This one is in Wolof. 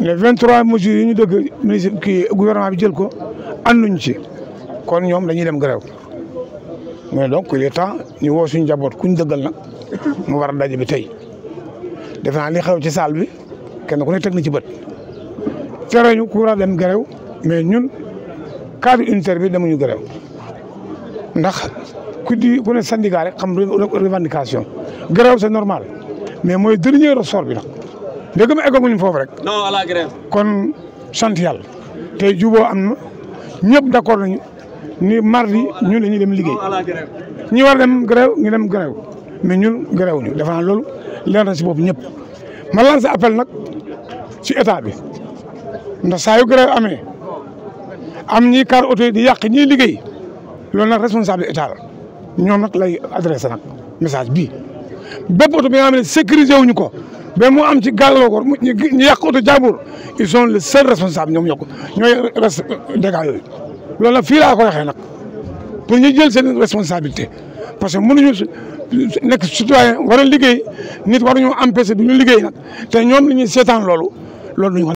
les vingt trois yu ñu dëgg ministre kii gouvernement bi jël ko ànduñu ci kon ñoom dañuy dem grève mais donc il est temps ñu woo suñu njaboot kuñ dëggal nag mu war a daje bi tey defe naa li xew ci salle bi kenn ku ne teg na ci bët tere ñu ku war dem grève mais ñun cadre unitaire bi demuñu grève ndax ku di ku ne syndicat rek xam revendication grève c'est normal mais mooy dernier ressort bi nag ndegam eggaguñu foofu rek. non à la kon sant yàlla. tey juboo am ñëpp d' accord nañu ni mardi ñun dañuy dem liggéey ñu war dem grève ñu dem grève mais ñun grève ñu dafa naa loolu leer si boobu ñëpp. ma lancé appel nag ci état bi ndax saa yu grève am ñi car oto yi yàq ñiy liggéey loolu nag responsable état ñoom nag lay adressé nag message bii bépp oto bi nga xam ne sécurisé ko. mais mu am ci gàllankoor mu ñu ñu yàq oto jàmbur ils sont les seuls responsables ñoom ñoo ko ñooy res dégâts yooyu loolu nag fii laa ko waxee nag ñu jël seen responsabilité parce que mënuñu nekk citoyen war a liggéey nit waruñoo empêcher du ñu liggéey nag te ñoom li ñuy seetaan loolu loolu ñu ko